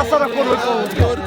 daha sonra konuşuruz. Doğru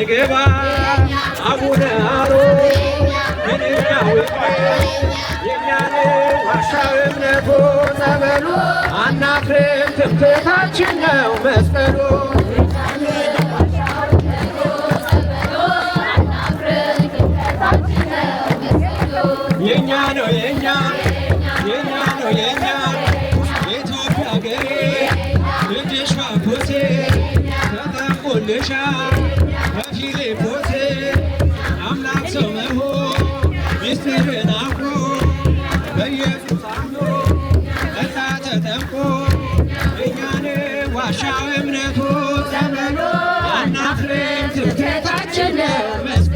አይገባ አቡነ አሮን ምንኛው የኛን ዋሻ እምነቶ ጸበሎ አናፍርም ትምክህታችን ነው መስቀሉ Take your chance.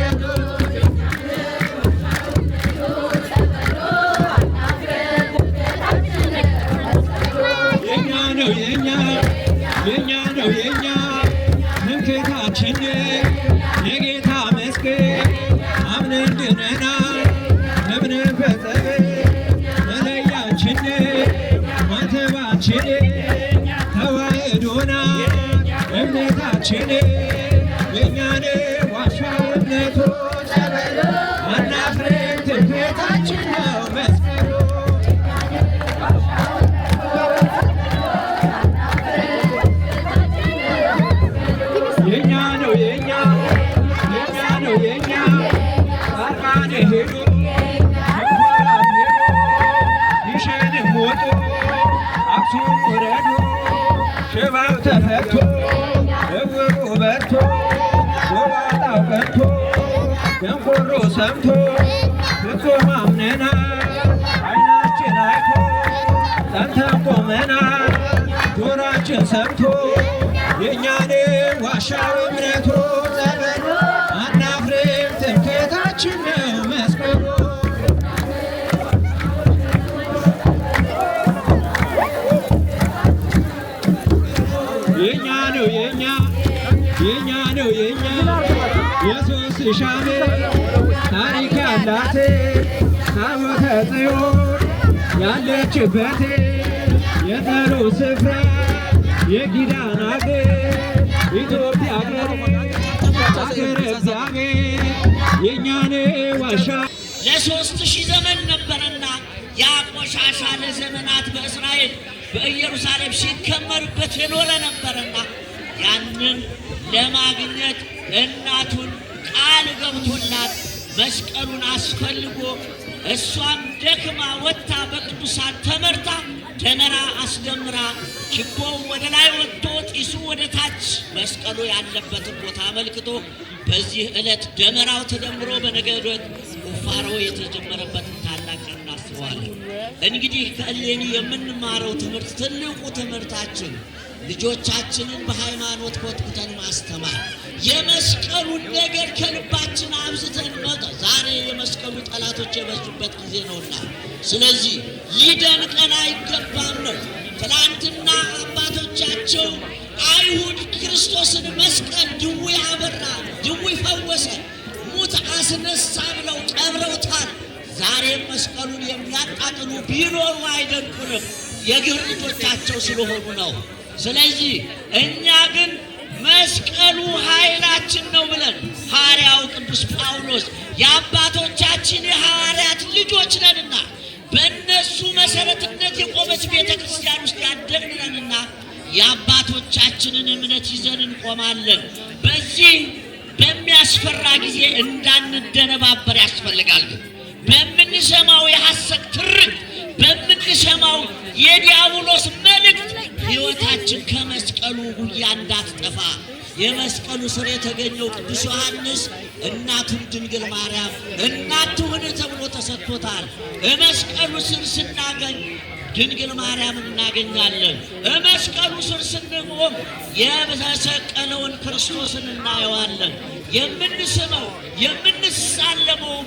Santo, የኛ ነው የኛ የሶስት ሺህ ዓመት ታሪክ ያላት ታቦተ ጽዮን ያለችበት የጠሩ ስፍራ የኪዳን አገር ኢትዮጵያ አገር እግዚአብሔር የእኛ ነው ዋሻ ለሶስት ሺህ ዘመን ነበረና ያ ቆሻሻ ለዘመናት በእስራኤል በኢየሩሳሌም ሲከመርበት የኖረ ነበርና ያንን ለማግኘት እናቱን ቃል ገብቶላት መስቀሉን አስፈልጎ እሷም ደክማ ወጥታ በቅዱሳን ተመርታ ደመራ አስደምራ ችቦው ወደ ላይ ወጥቶ ጢሱ ወደ ታች መስቀሉ ያለበትን ቦታ አመልክቶ በዚህ ዕለት ደመራው ተደምሮ በነገድ ቁፋሮ የተጀመረበትን ታላቅ ቀን እናስበዋለን። እንግዲህ ከእሌኒ የምንማረው ትምህርት ትልቁ ትምህርታችን ልጆቻችንን በሃይማኖት ኮትኩተን ማስተማር የመስቀሉን ነገር ከልባችን አብዝተን መጠ ዛሬ የመስቀሉ ጠላቶች የበዙበት ጊዜ ነውና፣ ስለዚህ ሊደንቀን አይገባም ነው። ትናንትና አባቶቻቸው አይሁድ ክርስቶስን መስቀል ድዊ አበራ፣ ድዊ ፈወሰ፣ ሙት አስነሳ ብለው ቀብረውታል። ዛሬም መስቀሉን የሚያጣጥሉ ቢኖሩ አይደንቁንም፣ የግብር ልጆቻቸው ስለሆኑ ነው። ስለዚህ እኛ ግን መስቀሉ ኃይላችን ነው ብለን ሐዋርያው ቅዱስ ጳውሎስ የአባቶቻችን የሐዋርያት ልጆች ነንና በእነሱ መሰረትነት የቆመች ቤተ ክርስቲያን ውስጥ ያደግን ነንና የአባቶቻችንን እምነት ይዘን እንቆማለን። በዚህ በሚያስፈራ ጊዜ እንዳንደነባበር ያስፈልጋል። በምንሰማው የሐሰት ትርክ በምትሰማው የዲያብሎስ መልእክት ሕይወታችን ከመስቀሉ ጉያ እንዳትጠፋ የመስቀሉ ስር የተገኘው ቅዱስ ዮሐንስ እናቱን ድንግል ማርያም እናት ተብሎ ተሰጥቶታል። በመስቀሉ ስር ስናገኝ ድንግል ማርያም እናገኛለን። በመስቀሉ ስር ስንቆም የተሰቀለውን ክርስቶስን እናየዋለን። የምንስመው የምንሳለመው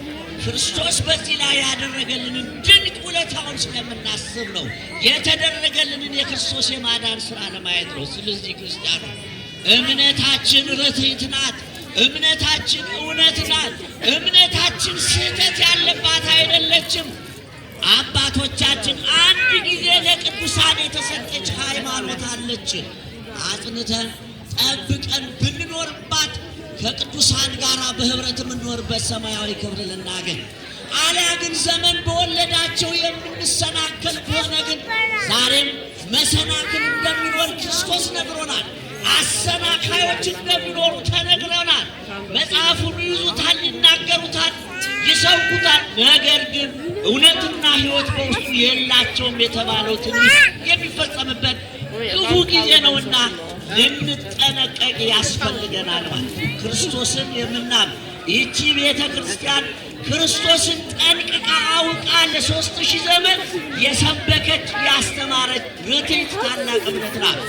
ክርስቶስ በዚህ ላይ ያደረገልንን ድንቅ ውለታውን ስለምናስብ ነው። የተደረገልንን የክርስቶስ የማዳን ስራ ለማየት ነው። ስለዚህ ክርስቲያኑ እምነታችን ርትዕት ናት። እምነታችን እውነት ናት። እምነታችን ስህተት ያለባት አይደለችም። አባቶቻችን አንድ ጊዜ ለቅዱሳን የተሰጠች ሃይማኖት አለች። አጥንተን ጠብቀን ብንኖርባት ከቅዱሳን ጋር በህብረት የምንኖርበት ሰማያዊ ክብር ልናገኝ አሊያ ግን ዘመን በወለዳቸው የምንሰናከል ከሆነ ግን ዛሬም መሰናክል እንደሚኖር ክርስቶስ ነግሮናል። አሰናካዮች እንደሚኖሩ ተነግረናል። መጽሐፉን ይዙታል፣ ይናገሩታል፣ ይሰብኩታል፣ ነገር ግን እውነትና ህይወት በውስጡ የላቸውም የተባለው ትንቢት የሚፈጸምበት ክፉ ጊዜ ነውና እንጠነቀቅ ያስፈልገናል ማለት ክርስቶስን የምናም ይቺ ቤተ ክርስቲያን ክርስቶስን ጠንቅቃ አውቃ ለሶስት ሺህ ዘመን የሰበከች ያስተማረች ርትዕት ታላቅ እምነት ናት።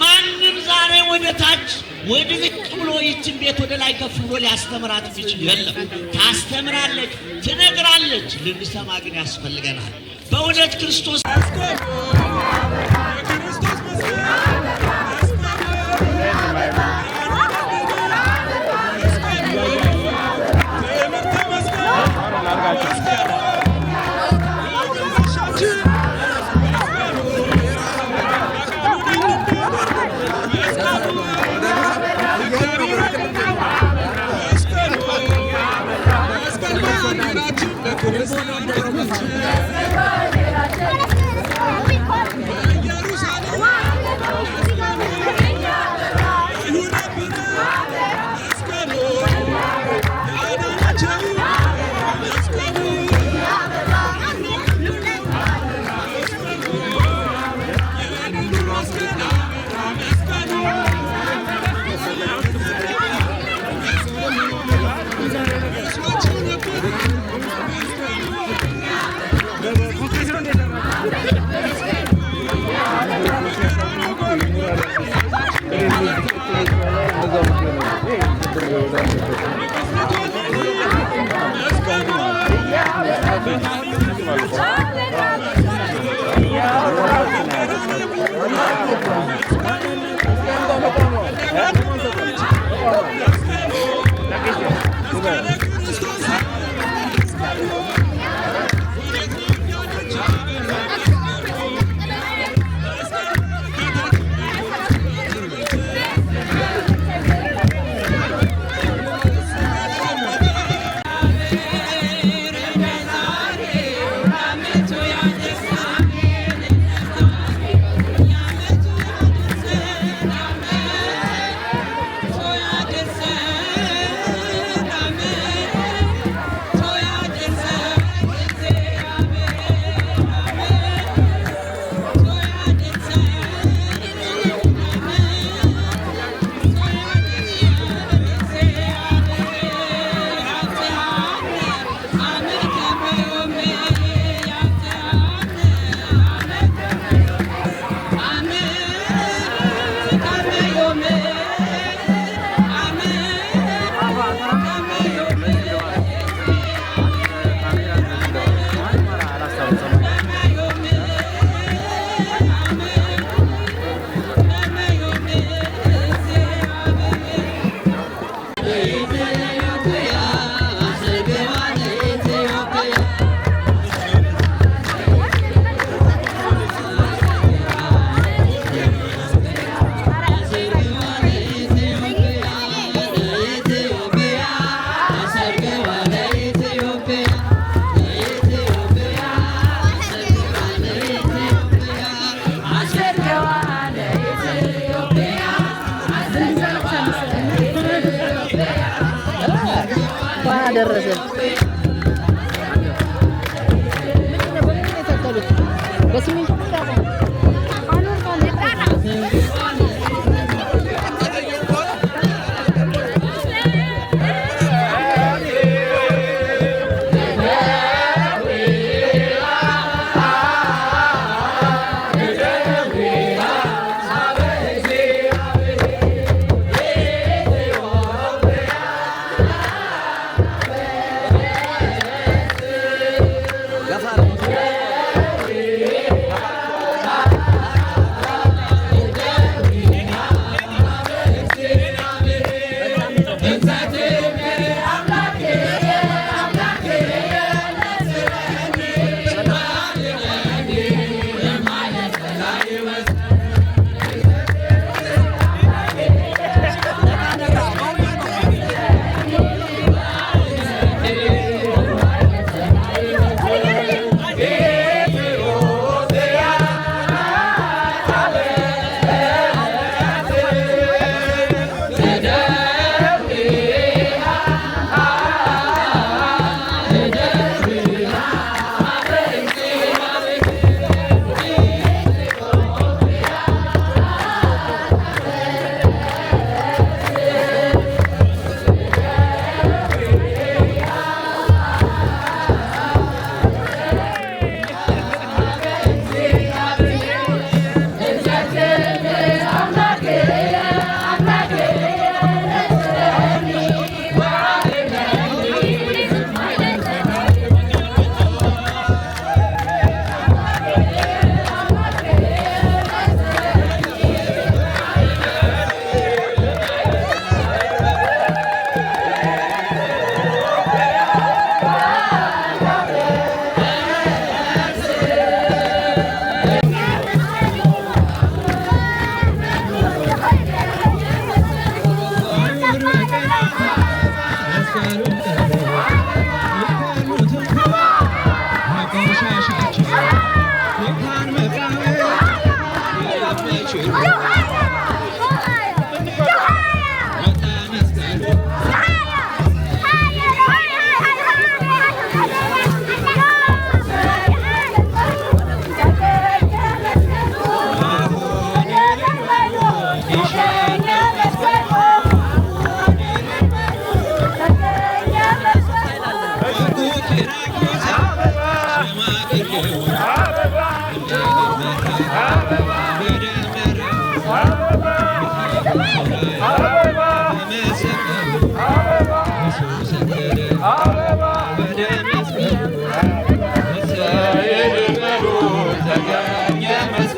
ማንም ዛሬ ወደ ታች ወደ ዝቅ ብሎ ይችን ቤት ወደ ላይ ከፍ ብሎ ሊያስተምራት የሚችል የለም። ታስተምራለች፣ ትነግራለች። ልንሰማ ግን ያስፈልገናል በእውነት ክርስቶስ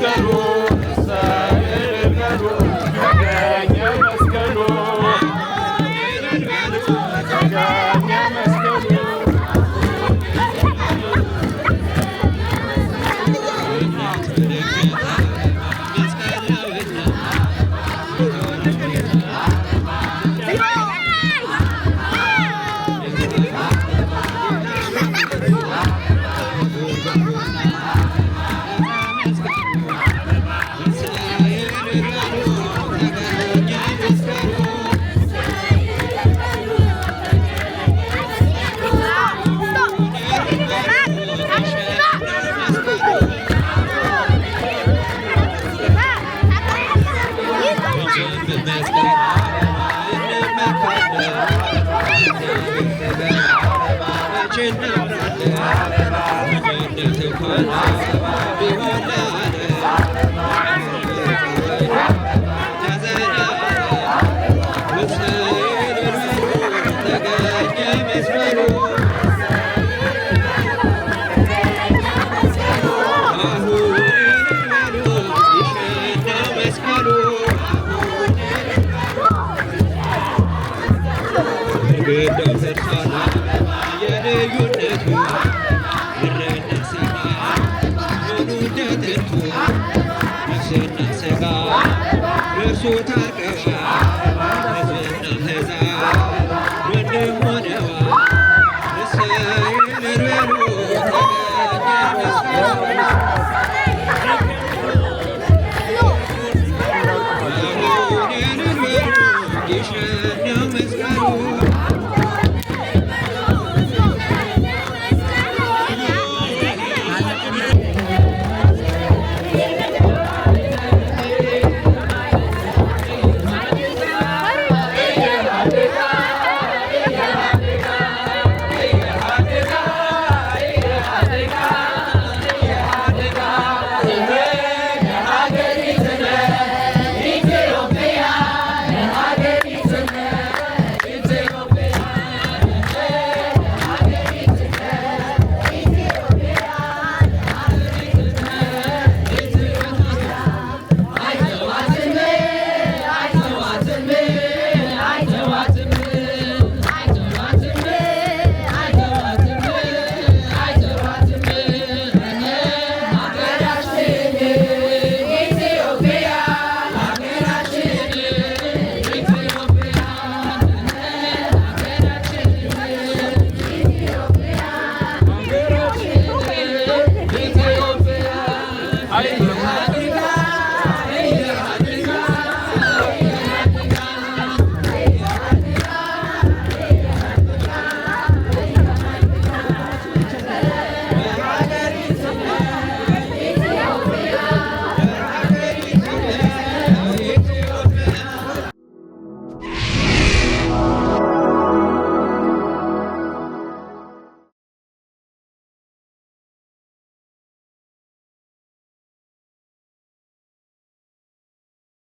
Carol.